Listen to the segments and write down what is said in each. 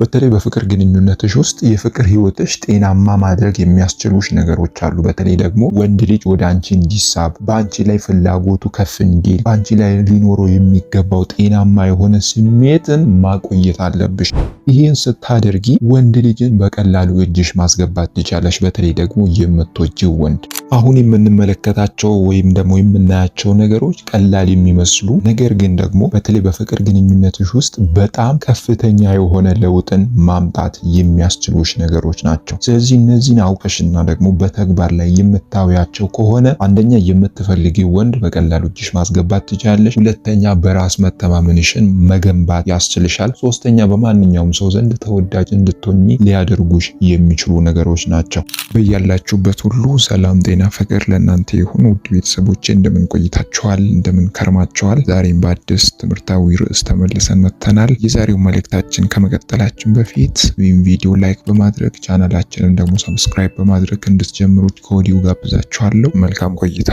በተለይ በፍቅር ግንኙነትሽ ውስጥ የፍቅር ህይወትሽ ጤናማ ማድረግ የሚያስችሉሽ ነገሮች አሉ። በተለይ ደግሞ ወንድ ልጅ ወደ አንቺ እንዲሳብ፣ በአንቺ ላይ ፍላጎቱ ከፍ እንዲል፣ በአንቺ ላይ ሊኖረው የሚገባው ጤናማ የሆነ ስሜትን ማቆየት አለብሽ። ይህን ስታደርጊ ወንድ ልጅን በቀላሉ እጅሽ ማስገባት ትቻለሽ። በተለይ ደግሞ የምትወጂው ወንድ አሁን የምንመለከታቸው ወይም ደግሞ የምናያቸው ነገሮች ቀላል የሚመስሉ ነገር ግን ደግሞ በተለይ በፍቅር ግንኙነትሽ ውስጥ በጣም ከፍተኛ የሆነ ለውጥ ለውጥን ማምጣት የሚያስችሉሽ ነገሮች ናቸው። ስለዚህ እነዚህን አውቀሽና ደግሞ በተግባር ላይ የምታውያቸው ከሆነ አንደኛ የምትፈልጊ ወንድ በቀላሉ እጅሽ ማስገባት ትችላለሽ። ሁለተኛ በራስ መተማመንሽን መገንባት ያስችልሻል። ሶስተኛ በማንኛውም ሰው ዘንድ ተወዳጅ እንድትሆኚ ሊያደርጉሽ የሚችሉ ነገሮች ናቸው። በያላችሁበት ሁሉ ሰላም፣ ጤና፣ ፍቅር ለእናንተ የሆኑ ውድ ቤተሰቦቼ እንደምን ቆይታችኋል? እንደምን ከርማችኋል? ዛሬም በአዲስ ትምህርታዊ ርዕስ ተመልሰን መጥተናል። የዛሬው መልእክታችን ከመቀጠላችን ከመጀመራችን በፊት ወይም ቪዲዮ ላይክ በማድረግ ቻናላችንን ደግሞ ሰብስክራይብ በማድረግ እንድትጀምሩት ከወዲሁ ጋብዛችኋለሁ። መልካም ቆይታ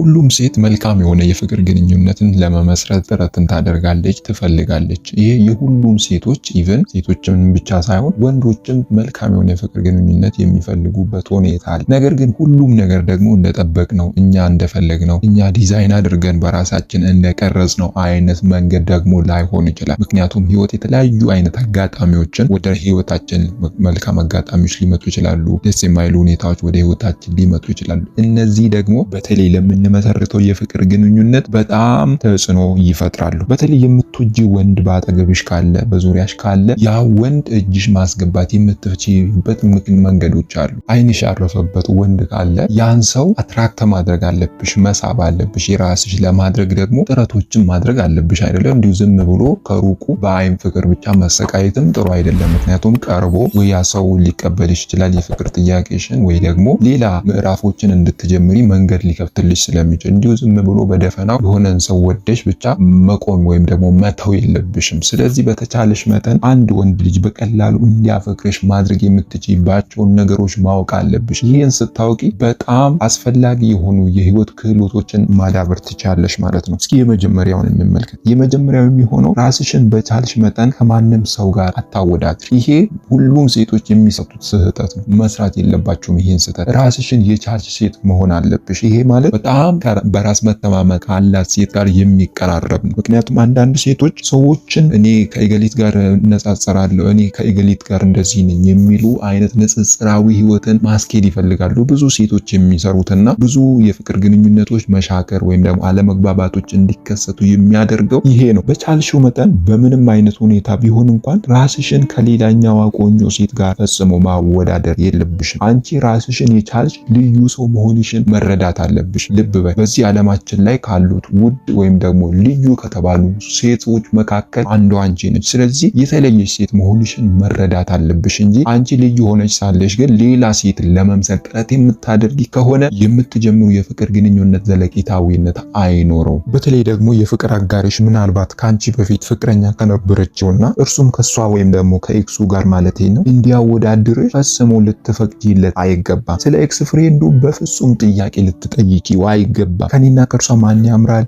ሁሉም ሴት መልካም የሆነ የፍቅር ግንኙነትን ለመመስረት ጥረትን ታደርጋለች፣ ትፈልጋለች። ይሄ የሁሉም ሴቶች ኢቨን ሴቶችም ብቻ ሳይሆን ወንዶችም መልካም የሆነ የፍቅር ግንኙነት የሚፈልጉበት ሁኔታ አለ። ነገር ግን ሁሉም ነገር ደግሞ እንደጠበቅ ነው እኛ እንደፈለግነው እኛ ዲዛይን አድርገን በራሳችን ነው አይነት መንገድ ደግሞ ላይሆን ይችላል። ምክንያቱም ህይወት የተለያዩ አይነት አጋጣሚዎችን ወደ ህይወታችን መልካም አጋጣሚዎች ሊመጡ ይችላሉ። ደስ የማይሉ ሁኔታዎች ወደ ህይወታችን ሊመጡ ይችላሉ። እነዚህ ደግሞ በተለይ ለምን የምንመሰርተው የፍቅር ግንኙነት በጣም ተጽዕኖ ይፈጥራሉ። በተለይ የምትወጂ ወንድ በአጠገብሽ ካለ፣ በዙሪያሽ ካለ ያ ወንድ እጅሽ ማስገባት የምትችይበት መንገዶች አሉ። አይንሽ ያረፈበት ወንድ ካለ ያን ሰው አትራክተ ማድረግ አለብሽ፣ መሳብ አለብሽ። የራስሽ ለማድረግ ደግሞ ጥረቶችን ማድረግ አለብሽ። አይደለም እንዲሁ ዝም ብሎ ከሩቁ በአይን ፍቅር ብቻ መሰቃየትም ጥሩ አይደለም። ምክንያቱም ቀርቦ ያ ሰው ሊቀበልሽ ይችላል የፍቅር ጥያቄሽን ወይ ደግሞ ሌላ ምዕራፎችን እንድትጀምሪ መንገድ ሊከፍትልሽ ስለሚችል እንዲሁ ዝም ብሎ በደፈናው የሆነን ሰው ወደሽ ብቻ መቆም ወይም ደግሞ መተው የለብሽም። ስለዚህ በተቻለሽ መጠን አንድ ወንድ ልጅ በቀላሉ እንዲያፈቅርሽ ማድረግ የምትችይባቸውን ነገሮች ማወቅ አለብሽ። ይህን ስታውቂ በጣም አስፈላጊ የሆኑ የህይወት ክህሎቶችን ማዳበር ትቻለሽ ማለት ነው። እስኪ የመጀመሪያውን እንመልከት። የመጀመሪያው የሚሆነው ራስሽን በቻልሽ መጠን ከማንም ሰው ጋር አታወዳድር። ይሄ ሁሉም ሴቶች የሚሰጡት ስህተት ነው። መስራት የለባቸውም ይህን ስህተት። ራስሽን የቻልሽ ሴት መሆን አለብሽ። ይሄ ማለት በጣም በጣም በራስ መተማመን ካላት ሴት ጋር የሚቀራረብ ነው። ምክንያቱም አንዳንድ ሴቶች ሰዎችን እኔ ከእገሊት ጋር እነጻጸራለሁ፣ እኔ ከእገሊት ጋር እንደዚህ ነኝ የሚሉ አይነት ንጽጽራዊ ህይወትን ማስኬድ ይፈልጋሉ። ብዙ ሴቶች የሚሰሩትና ብዙ የፍቅር ግንኙነቶች መሻከር ወይም ደግሞ አለመግባባቶች እንዲከሰቱ የሚያደርገው ይሄ ነው። በቻልሽው መጠን በምንም አይነት ሁኔታ ቢሆን እንኳን ራስሽን ከሌላኛዋ ቆንጆ ሴት ጋር ፈጽሞ ማወዳደር የለብሽም። አንቺ ራስሽን የቻልሽ ልዩ ሰው መሆንሽን መረዳት አለብሽ። ልብ በዚህ ዓለማችን ላይ ካሉት ውድ ወይም ደግሞ ልዩ ከተባሉ ሴቶች መካከል አንዷ አንቺ ነች። ስለዚህ የተለየች ሴት መሆንሽን መረዳት አለብሽ እንጂ አንቺ ልዩ ሆነች ሳለሽ ግን ሌላ ሴት ለመምሰል ጥረት የምታደርጊ ከሆነ የምትጀምሩ የፍቅር ግንኙነት ዘለቄታዊነት አይኖረው። በተለይ ደግሞ የፍቅር አጋሪሽ ምናልባት ከአንቺ በፊት ፍቅረኛ ከነበረችውና እርሱም ከሷ ወይም ደግሞ ከኤክሱ ጋር ማለት ነው እንዲያወዳድርሽ ፈጽሞ ልትፈቅጂለት አይገባም። ስለ ኤክስ ፍሬንዱ በፍጹም ጥያቄ ዋይ አይገባም። ከኔና ከእርሷ ማን ያምራል፣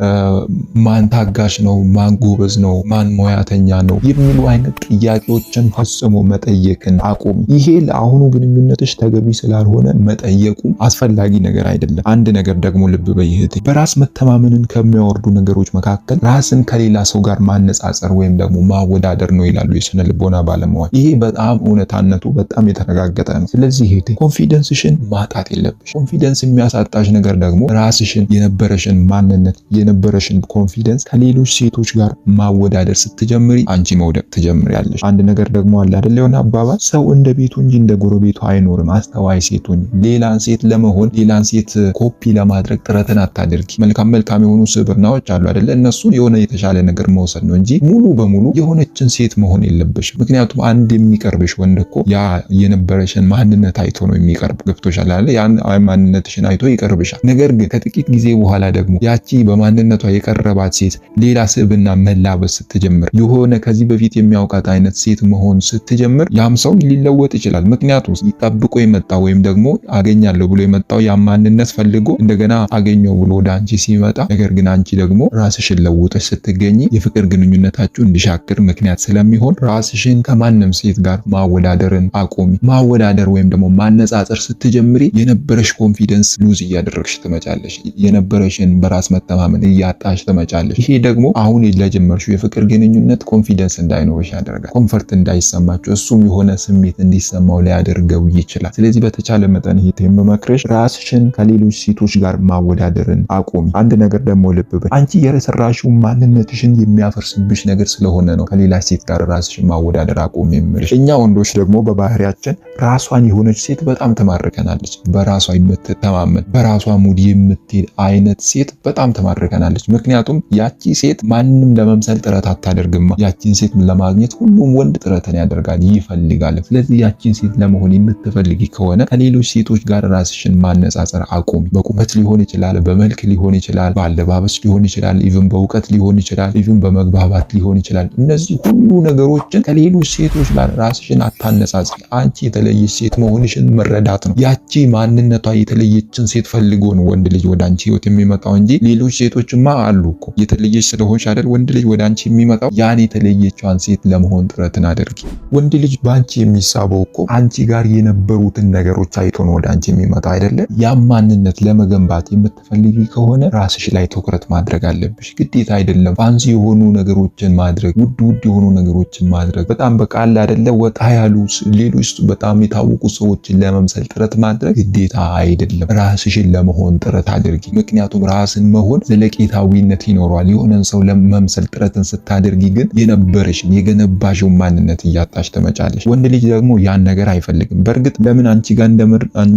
ማን ታጋሽ ነው፣ ማን ጎበዝ ነው፣ ማን ሙያተኛ ነው የሚሉ አይነት ጥያቄዎችን ፈጽሞ መጠየቅን አቁሚ። ይሄ ለአሁኑ ግንኙነትሽ ተገቢ ስላልሆነ መጠየቁ አስፈላጊ ነገር አይደለም። አንድ ነገር ደግሞ ልብ በይ እህቴ፣ በራስ መተማመንን ከሚያወርዱ ነገሮች መካከል ራስን ከሌላ ሰው ጋር ማነጻጸር ወይም ደግሞ ማወዳደር ነው ይላሉ የስነ ልቦና ባለሙያ። ይሄ በጣም እውነታነቱ በጣም የተረጋገጠ ነው። ስለዚህ እህቴ ኮንፊደንስሽን ማጣት የለብሽ። ኮንፊደንስ የሚያሳጣሽ ነገር ደግሞ ራስ ራስሽን የነበረሽን ማንነት የነበረሽን ኮንፊደንስ ከሌሎች ሴቶች ጋር ማወዳደር ስትጀምሪ አንቺ መውደቅ ትጀምሪያለሽ። አንድ ነገር ደግሞ አለ አይደል የሆነ አባባል ሰው እንደ ቤቱ እንጂ እንደ ጎረቤቱ አይኖርም። አስተዋይ ሴት ሁኚ። ሌላን ሴት ለመሆን ሌላን ሴት ኮፒ ለማድረግ ጥረትን አታደርጊ መልካም መልካም የሆኑ ስብዕናዎች አሉ አይደለ? እነሱን የሆነ የተሻለ ነገር መውሰድ ነው እንጂ ሙሉ በሙሉ የሆነችን ሴት መሆን የለብሽም። ምክንያቱም አንድ የሚቀርብሽ ወንድ እኮ ያ የነበረሽን ማንነት አይቶ ነው የሚቀርብ። ገብቶሻል አይደለ? ያን ማንነትሽን አይቶ ይቀርብሻል። ነገር ግን ከጥቂት ጊዜ በኋላ ደግሞ ያቺ በማንነቷ የቀረባት ሴት ሌላ ስብዕና መላበስ ስትጀምር የሆነ ከዚህ በፊት የሚያውቃት አይነት ሴት መሆን ስትጀምር ያም ሰው ሊለወጥ ይችላል። ምክንያቱም ጠብቆ የመጣ ወይም ደግሞ አገኛለሁ ብሎ የመጣው ያ ማንነት ፈልጎ እንደገና አገኘው ብሎ ወደ አንቺ ሲመጣ፣ ነገር ግን አንቺ ደግሞ ራስሽን ለውጠሽ ስትገኝ የፍቅር ግንኙነታችሁ እንዲሻክር ምክንያት ስለሚሆን ራስሽን ከማንም ሴት ጋር ማወዳደርን አቆሚ። ማወዳደር ወይም ደግሞ ማነጻጸር ስትጀምሪ የነበረሽ ኮንፊደንስ ሉዝ እያደረግሽ ትመጫለሽ። የነበረሽን በራስ መተማመን እያጣሽ ትመጫለሽ። ይሄ ደግሞ አሁን ለጀመርሽው የፍቅር ግንኙነት ኮንፊደንስ እንዳይኖርሽ ያደርጋል። ኮንፈርት እንዳይሰማቸው እሱም የሆነ ስሜት እንዲሰማው ሊያደርገው ይችላል። ስለዚህ በተቻለ መጠን ይሄ የምመክርሽ ራስሽን ከሌሎች ሴቶች ጋር ማወዳደርን አቁሚ። አንድ ነገር ደግሞ ልብ በይ፣ አንቺ የሰራሽው ማንነትሽን የሚያፈርስብሽ ነገር ስለሆነ ነው ከሌላ ሴት ጋር ራስሽን ማወዳደር አቁሚ የምልሽ። እኛ ወንዶች ደግሞ በባህሪያችን ራሷን የሆነች ሴት በጣም ትማርከናለች። በራሷ የምትተማመን በራሷ ሙድ የምት የምትል አይነት ሴት በጣም ተማርከናለች። ምክንያቱም ያቺ ሴት ማንም ለመምሰል ጥረት አታደርግማ። ያቺን ሴት ለማግኘት ሁሉም ወንድ ጥረትን ያደርጋል ይፈልጋል። ስለዚህ ያቺን ሴት ለመሆን የምትፈልጊ ከሆነ ከሌሎች ሴቶች ጋር ራስሽን ማነጻጸር አቁሚ። በቁመት ሊሆን ይችላል፣ በመልክ ሊሆን ይችላል፣ በአለባበስ ሊሆን ይችላል፣ ኢቭን በእውቀት ሊሆን ይችላል፣ ኢቭን በመግባባት ሊሆን ይችላል። እነዚህ ሁሉ ነገሮችን ከሌሎች ሴቶች ጋር ራስሽን አታነጻጽሪ። አንቺ የተለየች ሴት መሆንሽን መረዳት ነው። ያቺ ማንነቷ የተለየችን ሴት ፈልጎ ነው ወንድ ልጅ ወደ አንቺ ህይወት የሚመጣው እንጂ ሌሎች ሴቶችማ አሉ እኮ የተለየች ስለሆንሽ አይደል ወንድ ልጅ ወደ አንቺ የሚመጣው። ያን የተለየችዋን ሴት ለመሆን ጥረትን አድርጊ። ወንድ ልጅ በአንቺ የሚሳበው እኮ አንቺ ጋር የነበሩትን ነገሮች አይቶ ነው ወደ አንቺ የሚመጣ አይደለም። ያም ማንነት ለመገንባት የምትፈልጊ ከሆነ ራስሽ ላይ ትኩረት ማድረግ አለብሽ። ግዴታ አይደለም ፋንሲ የሆኑ ነገሮችን ማድረግ፣ ውድ ውድ የሆኑ ነገሮችን ማድረግ፣ በጣም በቃል አደለ ወጣ ያሉ ሌሎች በጣም የታወቁ ሰዎችን ለመምሰል ጥረት ማድረግ ግዴታ አይደለም። ራስሽን ለመሆን ጥረት ስታደርጊ። ምክንያቱም ራስን መሆን ዘለቄታዊነት ይኖረዋል። የሆነን ሰው ለመምሰል ጥረትን ስታደርጊ ግን የነበረሽን የገነባሽውን ማንነት እያጣሽ ትመጫለሽ። ወንድ ልጅ ደግሞ ያን ነገር አይፈልግም። በእርግጥ ለምን አንቺ ጋር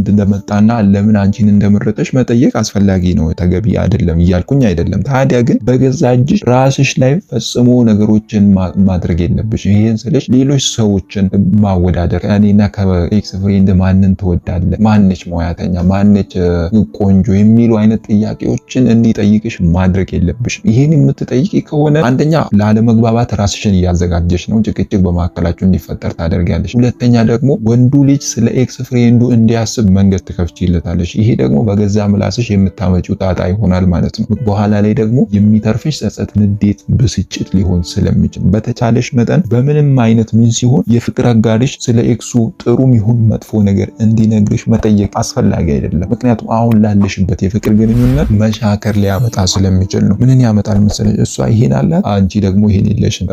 እንደመጣና ለምን አንቺን እንደመረጠሽ መጠየቅ አስፈላጊ ነው፣ ተገቢ አይደለም እያልኩኝ አይደለም። ታዲያ ግን በገዛ እጅሽ ራስሽ ላይ ፈጽሞ ነገሮችን ማድረግ የለብሽ። ይህን ስልሽ ሌሎች ሰዎችን ማወዳደር ከእኔና ከኤክስ ፍሬንድ ማንን ትወዳለ፣ ማነች ሙያተኛ፣ ማነች ቆንጆ የሚሉ አይነት ጥያቄዎችን እንዲጠይቅሽ ማድረግ የለብሽም። ይህን የምትጠይቂ ከሆነ አንደኛ ላለመግባባት ራስሽን እያዘጋጀሽ ነው፣ ጭቅጭቅ በመካከላችሁ እንዲፈጠር ታደርጊያለሽ። ሁለተኛ ደግሞ ወንዱ ልጅ ስለ ኤክስ ፍሬንዱ እንዲያስብ መንገድ ትከፍችለታለሽ። ይሄ ደግሞ በገዛ ምላስሽ የምታመጪው ጣጣ ይሆናል ማለት ነው። በኋላ ላይ ደግሞ የሚተርፍሽ ጸጸት፣ ንዴት፣ ብስጭት ሊሆን ስለሚችል በተቻለሽ መጠን በምንም አይነት ምን ሲሆን የፍቅር አጋሪሽ ስለ ኤክሱ ጥሩም ይሁን መጥፎ ነገር እንዲነግርሽ መጠየቅ አስፈላጊ አይደለም። ምክንያቱም አሁን ላለሽበት የፍቅር የፍቅር ግንኙነት መሻከር ሊያመጣ ስለሚችል ነው። ምንን ያመጣል መሰለሽ? እሷ ይሄን አላት፣ አንቺ ደግሞ ይሄን የለሽም፣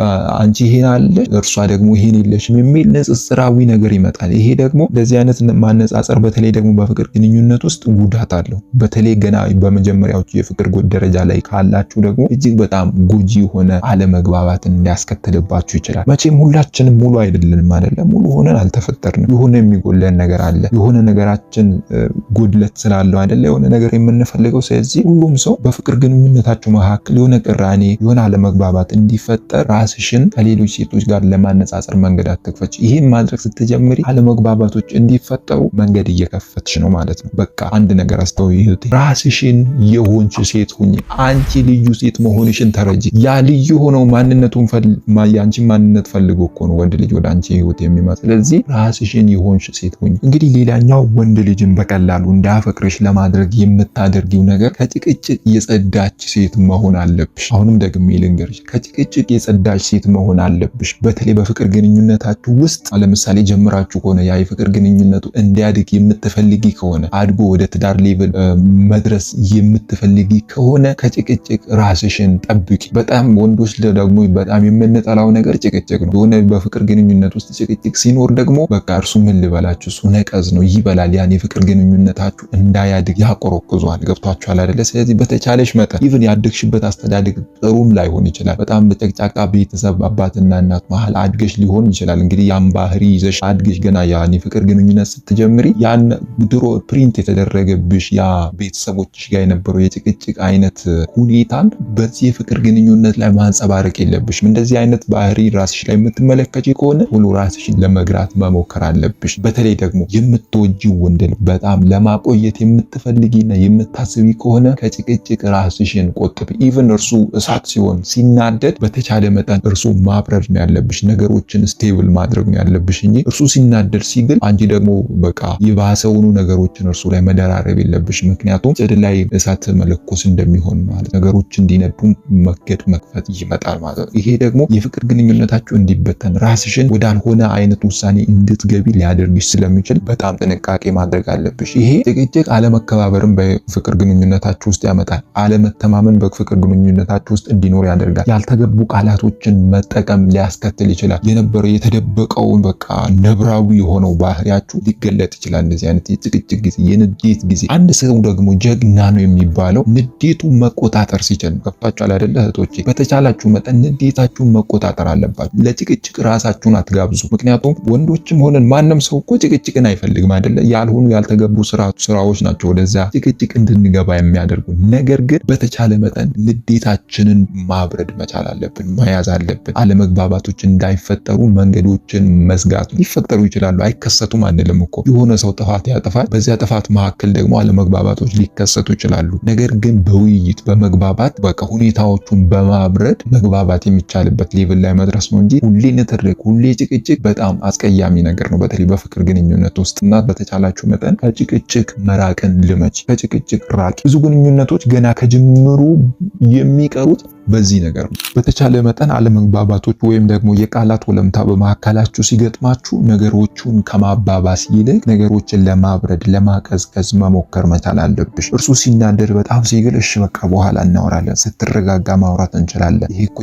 አንቺ ይሄን አለሽ፣ እርሷ ደግሞ ይሄን የለሽም የሚል ንጽጽራዊ ነገር ይመጣል። ይሄ ደግሞ እንደዚህ አይነት ማነጻጸር በተለይ ደግሞ በፍቅር ግንኙነት ውስጥ ጉዳት አለው። በተለይ ገና በመጀመሪያዎቹ የፍቅር ደረጃ ላይ ካላችሁ ደግሞ እጅግ በጣም ጎጂ የሆነ አለመግባባትን ሊያስከትልባችሁ ይችላል። መቼም ሁላችንም ሙሉ አይደለንም አይደለም። ሙሉ ሆነን አልተፈጠርንም። የሆነ የሚጎለን ነገር አለ። የሆነ ነገራችን ጎድለት ስላለው አይደለ የሆነ ነገር የምን የምንፈልገው። ስለዚህ ሁሉም ሰው በፍቅር ግንኙነታችሁ መካከል የሆነ ቅራኔ፣ የሆነ አለመግባባት እንዲፈጠር ራስሽን ከሌሎች ሴቶች ጋር ለማነጻጸር መንገድ አትክፈች። ይህም ማድረግ ስትጀምሪ አለመግባባቶች እንዲፈጠሩ መንገድ እየከፈትሽ ነው ማለት ነው። በቃ አንድ ነገር አስተው እህቴ፣ ራስሽን የሆንች ሴት ሁኝ። አንቺ ልዩ ሴት መሆንሽን ተረጂ። ያ ልዩ ሆነው ማንነቱን የአንቺን ማንነት ፈልጎ እኮ ነው ወንድ ልጅ ወደ አንቺ ህይወት የሚመ ስለዚህ ራስሽን የሆንሽ ሴት ሁኝ። እንግዲህ ሌላኛው ወንድ ልጅን በቀላሉ እንዳፈቅርሽ ለማድረግ የምታደ ከምታደርጊው ነገር ከጭቅጭቅ የጸዳች ሴት መሆን አለብሽ። አሁንም ደግሜ ልንገርሽ፣ ከጭቅጭቅ የጸዳች ሴት መሆን አለብሽ። በተለይ በፍቅር ግንኙነታችሁ ውስጥ ለምሳሌ ጀምራችሁ ከሆነ ያ የፍቅር ግንኙነቱ እንዲያድግ የምትፈልጊ ከሆነ አድጎ ወደ ትዳር ሌቭል መድረስ የምትፈልጊ ከሆነ ከጭቅጭቅ ራስሽን ጠብቂ። በጣም ወንዶች ደግሞ በጣም የምንጠላው ነገር ጭቅጭቅ ነው። የሆነ በፍቅር ግንኙነት ውስጥ ጭቅጭቅ ሲኖር ደግሞ በቃ እርሱ ምን ልበላችሁ፣ እሱ ነቀዝ ነው፣ ይበላል። ያን የፍቅር ግንኙነታችሁ እንዳያድግ ያቆረቁዟል። ገብቷችኋል አይደለ? ስለዚህ በተቻለሽ መጠን ኢቭን ያደግሽበት አስተዳደግ ጥሩም ላይሆን ይችላል። በጣም በጨቅጫቃ ቤተሰብ አባትና እናት መሀል አድገሽ ሊሆን ይችላል። እንግዲህ ያን ባህሪ ይዘሽ አድገሽ ገና ያን የፍቅር ግንኙነት ስትጀምሪ ያን ድሮ ፕሪንት የተደረገብሽ ያ ቤተሰቦችሽ ጋር የነበረው የጭቅጭቅ አይነት ሁኔታን በዚህ የፍቅር ግንኙነት ላይ ማንጸባረቅ የለብሽም። እንደዚህ አይነት ባህሪ ራስሽ ላይ የምትመለከች ከሆነ ሁሉ ራስሽን ለመግራት መሞከር አለብሽ። በተለይ ደግሞ የምትወጂው ወንድ በጣም ለማቆየት የምትፈልጊና የምታስቢ ከሆነ ከጭቅጭቅ ራስሽን ቆጥብ። ኢቨን እርሱ እሳት ሲሆን ሲናደድ በተቻለ መጠን እርሱ ማብረድ ነው ያለብሽ፣ ነገሮችን ስቴብል ማድረግ ነው ያለብሽ እንጂ እርሱ ሲናደድ ሲግል አንቺ ደግሞ በቃ የባሰውኑ ነገሮችን እርሱ ላይ መደራረብ የለብሽ። ምክንያቱም ጽድ ላይ እሳት መለኮስ እንደሚሆን ማለት ነገሮች እንዲነዱ መገድ መክፈት ይመጣል ማለት ነው። ይሄ ደግሞ የፍቅር ግንኙነታችሁ እንዲበተን ራስሽን ወዳልሆነ አይነት ውሳኔ እንድትገቢ ሊያደርግሽ ስለሚችል በጣም ጥንቃቄ ማድረግ አለብሽ። ይሄ ጭቅጭቅ አለመከባበርን ፍቅር ግንኙነታችሁ ውስጥ ያመጣል። አለመተማመን በፍቅር ግንኙነታችሁ ውስጥ እንዲኖር ያደርጋል። ያልተገቡ ቃላቶችን መጠቀም ሊያስከትል ይችላል። የነበረ የተደበቀውን በቃ ነብራዊ የሆነው ባህሪያችሁ ሊገለጥ ይችላል። እንደዚህ አይነት የጭቅጭቅ ጊዜ፣ የንዴት ጊዜ። አንድ ሰው ደግሞ ጀግና ነው የሚባለው ንዴቱ መቆጣጠር ሲችል ነው። ከፍታችኋል አይደለ እህቶቼ? በተቻላችሁ መጠን ንዴታችሁን መቆጣጠር አለባችሁ። ለጭቅጭቅ ራሳችሁን አትጋብዙ። ምክንያቱም ወንዶችም ሆነን ማንም ሰው እኮ ጭቅጭቅን አይፈልግም አይደለ? ያልሆኑ ያልተገቡ ስራዎች ናቸው ወደዚያ ጭቅጭቅ እንድንገባ የሚያደርጉ ነገር ግን በተቻለ መጠን ንዴታችንን ማብረድ መቻል አለብን፣ መያዝ አለብን። አለመግባባቶች እንዳይፈጠሩ መንገዶችን መዝጋት ሊፈጠሩ ይችላሉ፣ አይከሰቱም አንልም እኮ የሆነ ሰው ጥፋት ያጠፋል። በዚያ ጥፋት መካከል ደግሞ አለመግባባቶች ሊከሰቱ ይችላሉ። ነገር ግን በውይይት በመግባባት በቃ ሁኔታዎቹን በማብረድ መግባባት የሚቻልበት ሌቭል ላይ መድረስ ነው እንጂ ሁሌ ንትርክ፣ ሁሌ ጭቅጭቅ በጣም አስቀያሚ ነገር ነው፣ በተለይ በፍቅር ግንኙነት ውስጥ እና በተቻላችሁ መጠን ከጭቅጭቅ መራቅን ልመች ከጭቅጭቅ ራቅ። ብዙ ግንኙነቶች ገና ከጅምሩ የሚቀሩት በዚህ ነገር ነው። በተቻለ መጠን አለመግባባቶች ወይም ደግሞ የቃላት ወለምታ በመካከላችሁ ሲገጥማችሁ ነገሮቹን ከማባባስ ይልቅ ነገሮችን ለማብረድ ለማቀዝቀዝ መሞከር መቻል አለብሽ። እርሱ ሲናደድ በጣም ሲግል፣ እሺ በቃ በኋላ እናወራለን፣ ስትረጋጋ ማውራት እንችላለን፣ ይሄ እኮ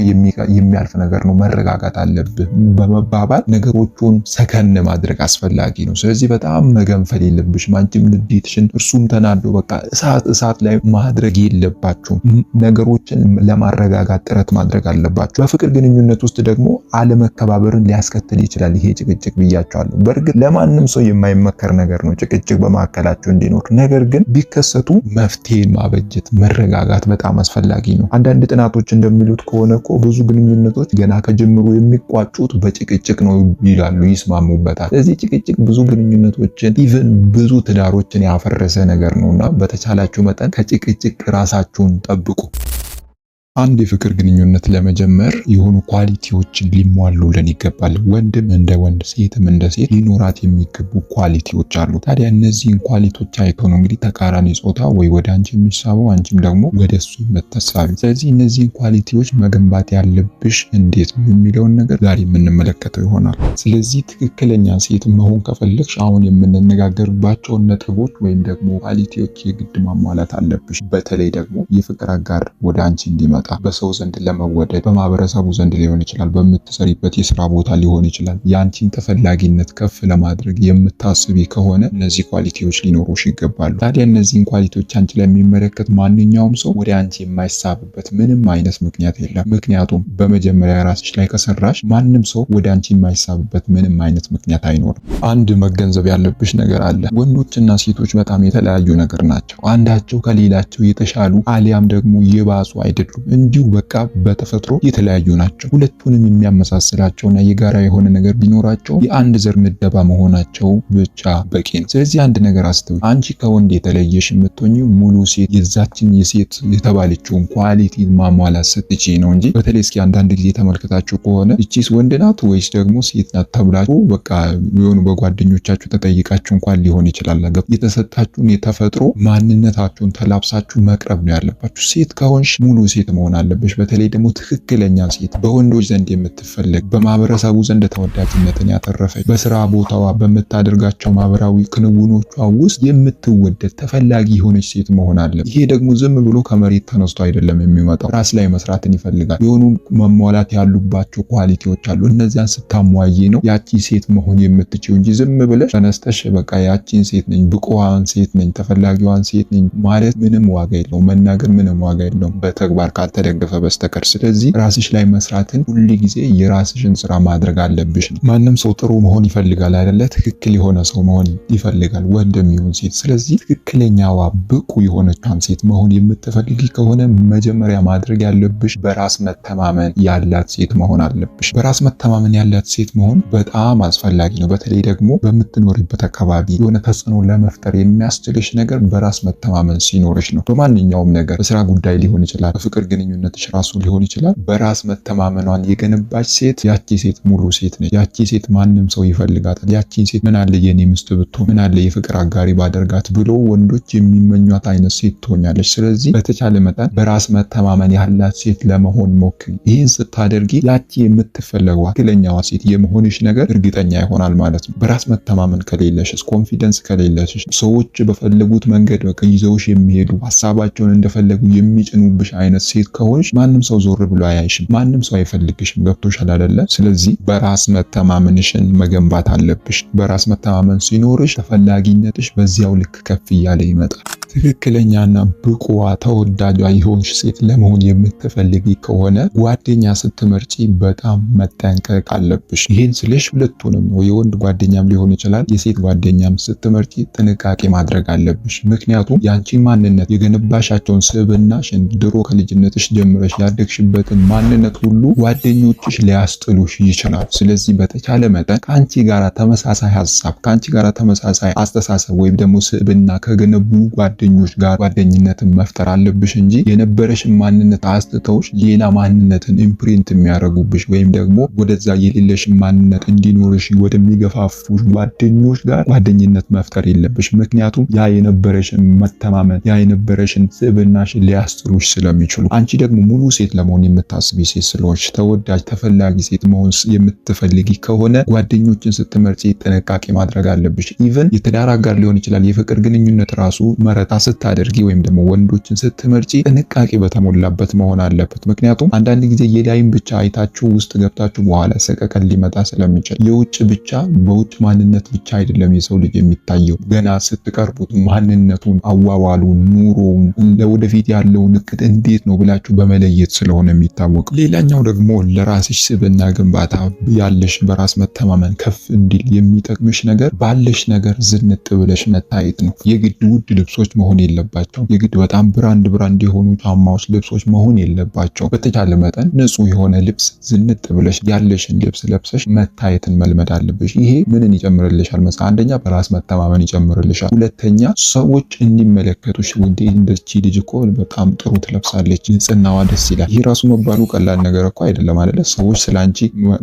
የሚያልፍ ነገር ነው፣ መረጋጋት አለብህ በመባባል ነገሮቹን ሰከን ማድረግ አስፈላጊ ነው። ስለዚህ በጣም መገንፈል የለብሽም። አንቺም ንዴትሽን እርሱም ተናዶ በቃ እሳት እሳት ላይ ማድረግ የለባችሁም። ነገሮችን ለማረ ለማረጋጋት ጥረት ማድረግ አለባቸው። በፍቅር ግንኙነት ውስጥ ደግሞ አለመከባበርን ሊያስከትል ይችላል ይሄ ጭቅጭቅ ብያቸዋለሁ። በእርግጥ ለማንም ሰው የማይመከር ነገር ነው ጭቅጭቅ በመካከላቸው እንዲኖር። ነገር ግን ቢከሰቱ መፍትሄ ማበጀት፣ መረጋጋት በጣም አስፈላጊ ነው። አንዳንድ ጥናቶች እንደሚሉት ከሆነ እኮ ብዙ ግንኙነቶች ገና ከጀምሩ የሚቋጩት በጭቅጭቅ ነው ይላሉ፣ ይስማሙበታል። ስለዚህ ጭቅጭቅ ብዙ ግንኙነቶችን ኢቨን ብዙ ትዳሮችን ያፈረሰ ነገር ነውና በተቻላችሁ መጠን ከጭቅጭቅ ራሳችሁን ጠብቁ። አንድ የፍቅር ግንኙነት ለመጀመር የሆኑ ኳሊቲዎችን ሊሟሉልን ይገባል። ወንድም እንደ ወንድ፣ ሴትም እንደ ሴት ሊኖራት የሚገቡ ኳሊቲዎች አሉ። ታዲያ እነዚህን ኳሊቲዎች ነው እንግዲህ ተቃራኒ ጾታ ወይ ወደ አንቺ የሚሳበው አንቺም ደግሞ ወደ እሱ የምትሳቢ። ስለዚህ እነዚህን ኳሊቲዎች መገንባት ያለብሽ እንዴት ነው የሚለውን ነገር ዛሬ የምንመለከተው ይሆናል። ስለዚህ ትክክለኛ ሴት መሆን ከፈለግሽ አሁን የምንነጋገርባቸውን ነጥቦች ወይም ደግሞ ኳሊቲዎች የግድ ማሟላት አለብሽ። በተለይ ደግሞ የፍቅር አጋር ወደ አንቺ እንዲመ ስትመጣ በሰው ዘንድ ለመወደድ በማህበረሰቡ ዘንድ ሊሆን ይችላል፣ በምትሰሪበት የስራ ቦታ ሊሆን ይችላል። የአንቺን ተፈላጊነት ከፍ ለማድረግ የምታስቢ ከሆነ እነዚህ ኳሊቲዎች ሊኖሩሽ ይገባሉ። ታዲያ እነዚህን ኳሊቲዎች አንቺ ለሚመለከት ማንኛውም ሰው ወደ አንቺ የማይሳብበት ምንም አይነት ምክንያት የለም። ምክንያቱም በመጀመሪያ ራስሽ ላይ ከሰራሽ ማንም ሰው ወደ አንቺ የማይሳብበት ምንም አይነት ምክንያት አይኖርም። አንድ መገንዘብ ያለብሽ ነገር አለ። ወንዶችና ሴቶች በጣም የተለያዩ ነገር ናቸው። አንዳቸው ከሌላቸው የተሻሉ አሊያም ደግሞ የባሱ አይደሉም። እንዲሁ በቃ በተፈጥሮ የተለያዩ ናቸው። ሁለቱንም የሚያመሳስላቸውና የጋራ የሆነ ነገር ቢኖራቸው የአንድ ዘር ምደባ መሆናቸው ብቻ በቂ ነው። ስለዚህ አንድ ነገር አስተው አንቺ ከወንድ የተለየሽ የምትሆኚው ሙሉ ሴት የዛችን የሴት የተባለችውን ኳሊቲ ማሟላት ስትች ነው እንጂ በተለይ እስኪ አንዳንድ ጊዜ ተመልከታችሁ ከሆነ እቺስ ወንድ ናት ወይስ ደግሞ ሴት ናት ተብላችሁ በቃ የሆኑ በጓደኞቻችሁ ተጠይቃችሁ እንኳን ሊሆን ይችላል ገብ የተሰጣችሁን የተፈጥሮ ማንነታችሁን ተላብሳችሁ መቅረብ ነው ያለባችሁ። ሴት ከሆንሽ ሙሉ ሴት መሆን አለብሽ። በተለይ ደግሞ ትክክለኛ ሴት፣ በወንዶች ዘንድ የምትፈለግ፣ በማህበረሰቡ ዘንድ ተወዳጅነትን ያተረፈች፣ በስራ ቦታዋ በምታደርጋቸው ማህበራዊ ክንውኖቿ ውስጥ የምትወደድ ተፈላጊ የሆነች ሴት መሆን አለ። ይሄ ደግሞ ዝም ብሎ ከመሬት ተነስቶ አይደለም የሚመጣው፣ ራስ ላይ መስራትን ይፈልጋል። የሆኑ መሟላት ያሉባቸው ኳሊቲዎች አሉ። እነዚያን ስታሟይ ነው ያቺ ሴት መሆን የምትችው እንጂ ዝም ብለሽ ተነስተሽ በቃ ያቺን ሴት ነኝ፣ ብቁዋን ሴት ነኝ፣ ተፈላጊዋን ሴት ነኝ ማለት ምንም ዋጋ የለውም። መናገር ምንም ዋጋ የለውም በተግባር ካልተደገፈ በስተቀር። ስለዚህ ራስሽ ላይ መስራትን ሁል ጊዜ የራስሽን ስራ ማድረግ አለብሽ ነው። ማንም ሰው ጥሩ መሆን ይፈልጋል አይደለ? ትክክል የሆነ ሰው መሆን ይፈልጋል ወንድም ይሁን ሴት። ስለዚህ ትክክለኛዋ ብቁ የሆነችን ሴት መሆን የምትፈልጊ ከሆነ መጀመሪያ ማድረግ ያለብሽ በራስ መተማመን ያላት ሴት መሆን አለብሽ። በራስ መተማመን ያላት ሴት መሆን በጣም አስፈላጊ ነው። በተለይ ደግሞ በምትኖሪበት አካባቢ የሆነ ተጽዕኖ ለመፍጠር የሚያስችልሽ ነገር በራስ መተማመን ሲኖርሽ ነው። በማንኛውም ነገር በስራ ጉዳይ ሊሆን ይችላል፣ በፍቅር ግን ግንኙነትሽ ራሱ ሊሆን ይችላል። በራስ መተማመኗን የገነባች ሴት ያቺ ሴት ሙሉ ሴት ነች። ያቺ ሴት ማንም ሰው ይፈልጋታል። ያቺን ሴት ምን አለ የኔ ሚስት ብትሆን፣ ምን አለ የፍቅር አጋሪ ባደርጋት ብሎ ወንዶች የሚመኟት አይነት ሴት ትሆኛለች። ስለዚህ በተቻለ መጠን በራስ መተማመን ያላት ሴት ለመሆን ሞክሪ። ይህን ስታደርጊ ያቺ የምትፈለገው ትክክለኛዋ ሴት የመሆንሽ ነገር እርግጠኛ ይሆናል ማለት ነው። በራስ መተማመን ከሌለሽስ፣ ኮንፊደንስ ከሌለሽስ፣ ሰዎች በፈለጉት መንገድ ይዘውሽ የሚሄዱ ሀሳባቸውን እንደፈለጉ የሚጭኑብሽ አይነት ሴት ከሆንሽ ማንም ሰው ዞር ብሎ አያይሽም፣ ማንም ሰው አይፈልግሽም። ገብቶሻል አይደለ? ስለዚህ በራስ መተማመንሽን መገንባት አለብሽ። በራስ መተማመን ሲኖርሽ ተፈላጊነትሽ በዚያው ልክ ከፍ እያለ ይመጣል። ትክክለኛና ብቁዋ ተወዳጇ የሆንሽ ሴት ለመሆን የምትፈልጊ ከሆነ ጓደኛ ስትመርጪ በጣም መጠንቀቅ አለብሽ። ይህን ስልሽ ሁለቱንም ነው፣ የወንድ ጓደኛም ሊሆን ይችላል፣ የሴት ጓደኛም ስትመርጪ ጥንቃቄ ማድረግ አለብሽ። ምክንያቱም ያንቺ ማንነት የገነባሻቸውን ስብዕናሽን ድሮ ከልጅነት ከልጅነትሽ ጀምረሽ ያደግሽበትን ማንነት ሁሉ ጓደኞችሽ ሊያስጥሉሽ ይችላል። ስለዚህ በተቻለ መጠን ከአንቺ ጋር ተመሳሳይ ሀሳብ፣ ከአንቺ ጋር ተመሳሳይ አስተሳሰብ ወይም ደግሞ ስዕብና ከገነቡ ጓደኞች ጋር ጓደኝነትን መፍጠር አለብሽ እንጂ የነበረሽን ማንነት አስጥተውሽ ሌላ ማንነትን ኢምፕሪንት የሚያደርጉብሽ ወይም ደግሞ ወደዛ የሌለሽን ማንነት እንዲኖርሽ ወደሚገፋፉሽ ጓደኞች ጋር ጓደኝነት መፍጠር የለብሽ። ምክንያቱም ያ የነበረሽን መተማመን ያ የነበረሽን ስብዕናሽን ሊያስጥሉሽ ስለሚችሉ አንቺ አንቺ ደግሞ ሙሉ ሴት ለመሆን የምታስቢ ሴት ስለሆንሽ ተወዳጅ ተፈላጊ ሴት መሆን የምትፈልጊ ከሆነ ጓደኞችን ስትመርጪ ጥንቃቄ ማድረግ አለብሽ። ኢቨን የትዳር አጋር ሊሆን ይችላል። የፍቅር ግንኙነት ራሱ መረጣ ስታደርጊ ወይም ደግሞ ወንዶችን ስትመርጪ ጥንቃቄ በተሞላበት መሆን አለበት። ምክንያቱም አንዳንድ ጊዜ የላይም ብቻ አይታችሁ ውስጥ ገብታችሁ በኋላ ሰቀቀን ሊመጣ ስለሚችል የውጭ ብቻ በውጭ ማንነት ብቻ አይደለም የሰው ልጅ የሚታየው ገና ስትቀርቡት ማንነቱን፣ አዋዋሉን፣ ኑሮውን ለወደፊት ያለውን እቅድ እንዴት ነው ብላ ከሌላችሁ በመለየት ስለሆነ የሚታወቀው። ሌላኛው ደግሞ ለራስሽ ስብና ግንባታ ያለሽ በራስ መተማመን ከፍ እንዲል የሚጠቅምሽ ነገር ባለሽ ነገር ዝንጥ ብለሽ መታየት ነው። የግድ ውድ ልብሶች መሆን የለባቸው። የግድ በጣም ብራንድ ብራንድ የሆኑ ጫማዎች፣ ልብሶች መሆን የለባቸው። በተቻለ መጠን ንጹህ የሆነ ልብስ ዝንጥ ብለሽ ያለሽን ልብስ ለብሰሽ መታየትን መልመድ አለብሽ። ይሄ ምንን ይጨምርልሻል መስ አንደኛ በራስ መተማመን ይጨምርልሻል። ሁለተኛ ሰዎች እንዲመለከቱሽ ውዴ እንደቺ ልጅ እኮ በጣም ጥሩ ትለብሳለች፣ ንጽህናዋ ደስ ይላል። ይህ ራሱ መባሉ ቀላል ነገር እኮ አይደለም አይደለ? ሰዎች ስለ አንቺ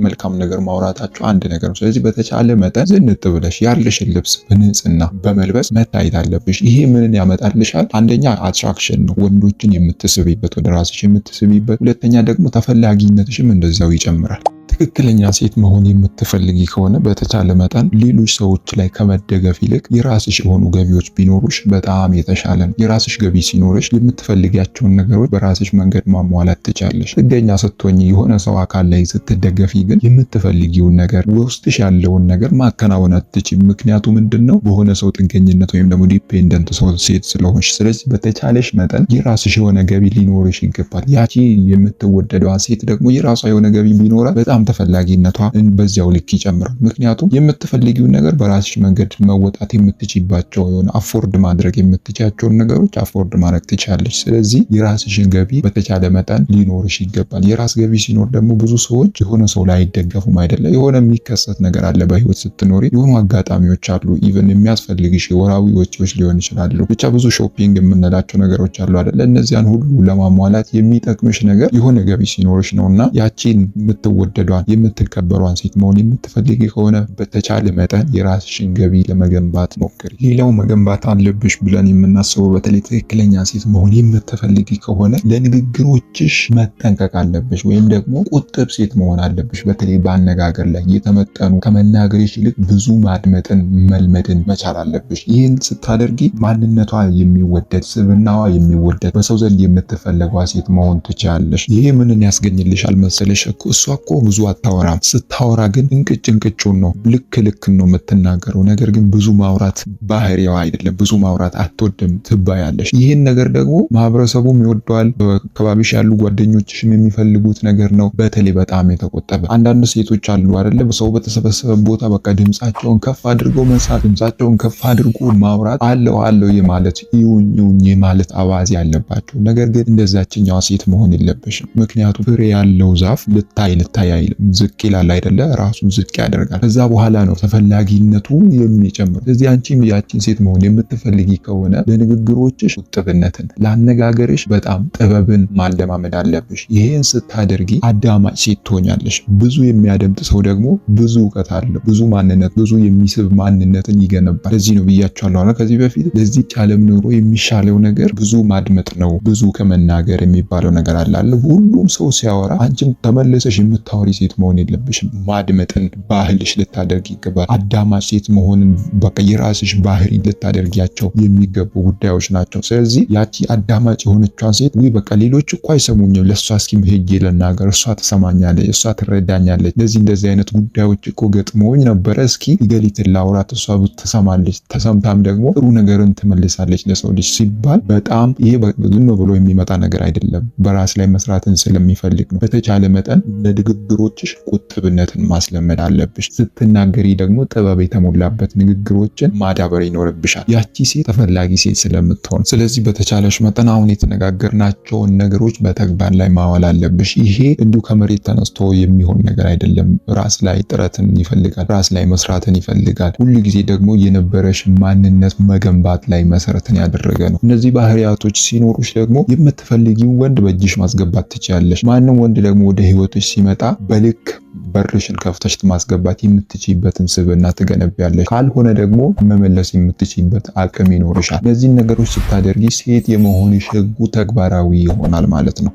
መልካም ነገር ማውራታቸው አንድ ነገር ነው። ስለዚህ በተቻለ መጠን ዝንጥ ብለሽ ያለሽን ልብስ በንጽህና በመልበስ መታየት አለብሽ። ይሄ ምንን ያመጣልሻል? አንደኛ አትራክሽን ነው፣ ወንዶችን የምትስብበት ወደ ራስሽ የምትስብበት። ሁለተኛ ደግሞ ተፈላጊነትሽም እንደዚያው ይጨምራል። ትክክለኛ ሴት መሆን የምትፈልጊ ከሆነ በተቻለ መጠን ሌሎች ሰዎች ላይ ከመደገፍ ይልቅ የራስሽ የሆኑ ገቢዎች ቢኖሩሽ በጣም የተሻለ ነው። የራስሽ ገቢ ሲኖርሽ የምትፈልጊያቸውን ነገሮች በራስሽ መንገድ ማሟላት ትቻለሽ። ጥገኛ ስትሆኝ የሆነ ሰው አካል ላይ ስትደገፊ ግን የምትፈልጊውን ነገር ውስጥሽ ያለውን ነገር ማከናወን አትችም። ምክንያቱ ምንድን ነው? በሆነ ሰው ጥገኝነት ወይም ደግሞ ዲፔንደንት ሰው ሴት ስለሆንሽ። ስለዚህ በተቻለሽ መጠን የራስሽ የሆነ ገቢ ሊኖርሽ ይገባል። ያቺ የምትወደደዋ ሴት ደግሞ የራሷ የሆነ ገቢ ቢኖራት በጣም ተፈላጊነቷ በዚያው ልክ ይጨምራል። ምክንያቱም የምትፈልጊውን ነገር በራስሽ መንገድ መወጣት የምትችባቸው የሆነ አፎርድ ማድረግ የምትችያቸውን ነገሮች አፎርድ ማድረግ ትችላለች። ስለዚህ የራስሽን ገቢ በተቻለ መጠን ሊኖርሽ ይገባል። የራስ ገቢ ሲኖር ደግሞ ብዙ ሰዎች የሆነ ሰው ላይ አይደገፉም አይደለ? የሆነ የሚከሰት ነገር አለ። በህይወት ስትኖሪ የሆኑ አጋጣሚዎች አሉ። ኢቨን የሚያስፈልግሽ ወራዊ ወጪዎች ሊሆን ይችላሉ። ብቻ ብዙ ሾፒንግ የምንላቸው ነገሮች አሉ አይደለ? እነዚያን ሁሉ ለማሟላት የሚጠቅምሽ ነገር የሆነ ገቢ ሲኖርሽ ነው እና ያቺን የምትወደዷ የምትከበሯን ሴት መሆን የምትፈልጊ ከሆነ በተቻለ መጠን የራስሽን ገቢ ለመገንባት ሞክሪ። ሌላው መገንባት አለብሽ ብለን የምናስበው በተለይ ትክክለኛ ሴት መሆን የምትፈልጊ ከሆነ ለንግግሮችሽ መጠንቀቅ አለብሽ፣ ወይም ደግሞ ቁጥብ ሴት መሆን አለብሽ። በተለይ በአነጋገር ላይ የተመጠኑ ከመናገርሽ ይልቅ ብዙ ማድመጥን መልመድን መቻል አለብሽ። ይህን ስታደርጊ ማንነቷ የሚወደድ ስብናዋ የሚወደድ በሰው ዘንድ የምትፈለጓ ሴት መሆን ትችላለሽ። ይሄ ምንን ያስገኝልሻል መሰለሽ? እሷ እኮ ብዙ አታወራም። ስታወራ ግን እንቅጭ እንቅጩን ነው፣ ልክ ልክን ነው የምትናገረው። ነገር ግን ብዙ ማውራት ባህሪዋ አይደለም። ብዙ ማውራት አትወድም፣ ትባያለሽ። ይህን ነገር ደግሞ ማህበረሰቡም ይወደዋል። በአካባቢሽ ያሉ ጓደኞችሽም የሚፈልጉት ነገር ነው። በተለይ በጣም የተቆጠበ አንዳንድ ሴቶች አሉ አይደለ? ሰው በተሰበሰበ ቦታ በቃ ድምፃቸውን ከፍ አድርገው መሳት፣ ድምፃቸውን ከፍ አድርጎ ማውራት፣ አለው አለው የማለት ይሁን ይሁን የማለት አባዜ አለባቸው። ነገር ግን እንደዛችኛዋ ሴት መሆን የለበሽም። ምክንያቱም ፍሬ ያለው ዛፍ ልታይ ልታይ አይልም። ዝቅ ይላል አይደለ? ራሱን ዝቅ ያደርጋል። ከዛ በኋላ ነው ተፈላጊነቱ የሚጨምር። ስለዚህ አንቺ ያችን ሴት መሆን የምትፈልጊ ከሆነ ለንግግሮችሽ ውጥብነትን፣ ለአነጋገርሽ በጣም ጥበብን ማለማመድ አለብሽ። ይሄን ስታደርጊ አዳማጭ ሴት ትሆኛለሽ። ብዙ የሚያደምጥ ሰው ደግሞ ብዙ እውቀት አለው፣ ብዙ ማንነት፣ ብዙ የሚስብ ማንነትን ይገነባል። ለዚህ ነው ብያቸዋለሁ ከዚህ በፊት ለዚች ዓለም ኑሮ የሚሻለው ነገር ብዙ ማድመጥ ነው፣ ብዙ ከመናገር የሚባለው ነገር አለ። ሁሉም ሰው ሲያወራ አንቺም ተመለሰሽ የምታወሪ ሴት ሴት መሆን የለብሽም። ማድመጥን ባህልሽ ልታደርግ ይገባል። አዳማጭ ሴት መሆንን በቃ የራስሽ ባህሪ ልታደርጊያቸው የሚገቡ ጉዳዮች ናቸው። ስለዚህ ያቺ አዳማጭ የሆነቿን ሴት ወይ በቃ ሌሎች እኮ አይሰሙኝም፣ ለእሷ እስኪ ሄጄ ልናገር፣ እሷ ትሰማኛለች፣ እሷ ትረዳኛለች፣ እንደዚህ እንደዚህ አይነት ጉዳዮች እኮ ገጥመውኝ ነበረ፣ እስኪ ገሊትን ላውራት፣ እሷ ትሰማለች፣ ተሰምታም ደግሞ ጥሩ ነገርን ትመልሳለች ለሰው ልጅ ሲባል በጣም ይሄ ዝም ብሎ የሚመጣ ነገር አይደለም። በራስ ላይ መስራትን ስለሚፈልግ ነው። በተቻለ መጠን ለድግግሮ ንግግሮችሽ ቁጥብነትን ማስለመድ አለብሽ። ስትናገሪ ደግሞ ጥበብ የተሞላበት ንግግሮችን ማዳበር ይኖርብሻል። ያቺ ሴት ተፈላጊ ሴት ስለምትሆን፣ ስለዚህ በተቻለሽ መጠን አሁን የተነጋገርናቸውን ነገሮች በተግባር ላይ ማዋል አለብሽ። ይሄ እንዲሁ ከመሬት ተነስቶ የሚሆን ነገር አይደለም። ራስ ላይ ጥረትን ይፈልጋል። ራስ ላይ መስራትን ይፈልጋል። ሁሉ ጊዜ ደግሞ የነበረሽ ማንነት መገንባት ላይ መሰረትን ያደረገ ነው። እነዚህ ባህሪያቶች ሲኖሩሽ ደግሞ የምትፈልጊው ወንድ በእጅሽ ማስገባት ትችያለሽ። ማንም ወንድ ደግሞ ወደ ህይወቶች ሲመጣ በልክ በርሽን ከፍተሽ ማስገባት የምትችይበትን ስብዕና ትገነቢያለሽ። ካልሆነ ደግሞ መመለስ የምትችይበት አቅም ይኖርሻል። እነዚህን ነገሮች ስታደርጊ ሴት የመሆንሽ ህጉ ተግባራዊ ይሆናል ማለት ነው።